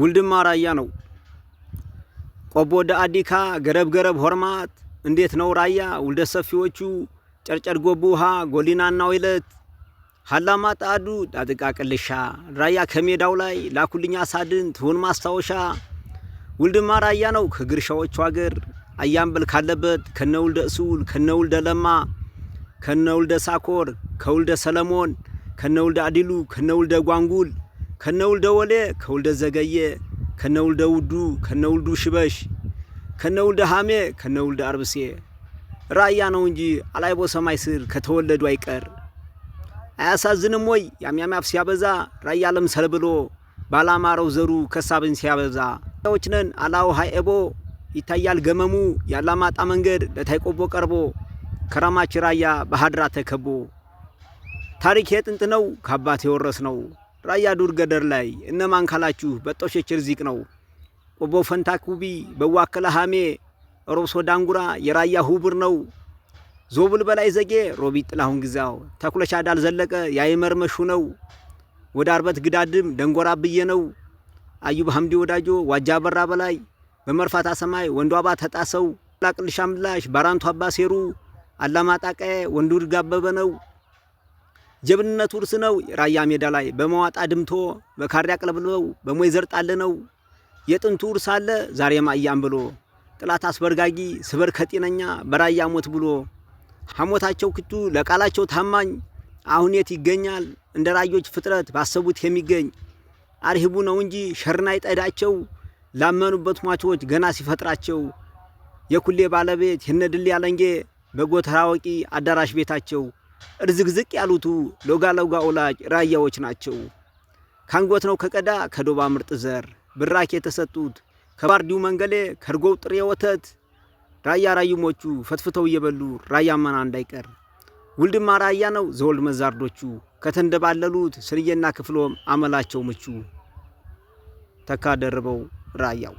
ውልድማ ራያ ነው። ቆቦ ወደ አዲካ ገረብ ገረብ ሆርማት እንዴት ነው ራያ ውልደ ሰፊዎቹ ጨርጨር ጎቡ ውሃ ጎሊናና ወይለት ሀላማ ጣዱ ዳጥቃ ቅልሻ ራያ ከሜዳው ላይ ላኩልኛ ሳድን ትሁን ማስታወሻ ውልድማ ራያ ነው ከግርሻዎቹ አገር አያምበል ካለበት ከነውልደ እሱል ከነውልደ ለማ ከነውልደ ሳኮር ከውልደ ሰለሞን ከነውልደ አዲሉ ከነውልደ ጓንጉል ከነውልደ ወሌ ከውልደ ዘገየ ከነውልደ ውዱ ከነውልዱ ሽበሽ ከነውልደ ሐሜ ከነውልደ አርብሴ ራያ ነው እንጂ አላይቦ ሰማይ ስር ከተወለዱ አይቀር አያሳዝንም ወይ ያሚያሚያፍ ሲያበዛ ራያ ለምሰል ብሎ ባላማረው ዘሩ ከሳብን ሲያበዛ ዎች ነን አላውሃይ ይታያል ገመሙ ያላማጣ መንገድ ለታይቆቦ ቀርቦ ከራማች ራያ በሀድራ ተከቦ ታሪክ የጥንት ነው ከአባት የወረስ ነው። ራያ ዱር ገደር ላይ እነማን ካላችሁ በጦሸች ርዚቅ ነው። ቆቦ ኩቢ በዋከለ ሃሜ ሮብሶ ዳንጉራ የራያ ሁብር ነው። ዞብል በላይ ዘጌ ሮቢት ጥላሁን ግዛው ተኩለሻ ዳል ዘለቀ ያይመርመሹ ነው። ወደ አርበት ግዳድም ደንጎራ ብዬ ነው። አዩብ ሀምዲ ወዳጆ ዋጃ በራ በላይ በመርፋታ ሰማይ ወንዱ አባ ተጣሰው ላቅልሻ ምላሽ ባራንቱ አባ ሴሩ አላማጣቀ ወንዱ ድጋበበ ነው። ጀብንነቱ ውርስ ነው። ራያ ሜዳ ላይ በመዋጣ ድምቶ በካሪ አቅለብልበው በሞይ ዘርጣለ ነው የጥንቱ ውርስ አለ ዛሬ ማያም ብሎ ጥላት አስበርጋጊ ስበር ከጤነኛ በራያ ሞት ብሎ ሐሞታቸው ክቱ ለቃላቸው ታማኝ አሁን የት ይገኛል እንደ ራዮች ፍጥረት ባሰቡት የሚገኝ አርሂቡ ነው እንጂ ሸርናይ ጠዳቸው ላመኑበት ሟቾች ገና ሲፈጥራቸው የኩሌ ባለቤት የነድል ያለንጌ በጎተራ ወቂ አዳራሽ ቤታቸው እርዝግዝቅ ያሉቱ ሎጋ ሎጋ ወላጅ ራያዎች ናቸው። ካንጎት ነው ከቀዳ ከዶባ ምርጥ ዘር ብራክ የተሰጡት ከባርዲው መንገሌ ከርጎው ጥሬ ወተት ራያ ራዩሞቹ ፈትፍተው እየበሉ ራያ መና እንዳይቀር ውልድማ ራያ ነው ዘወልድ መዛርዶቹ ከተንደባለሉት ስርየና ክፍሎም አመላቸው ምቹ ተካ ደርበው ራያው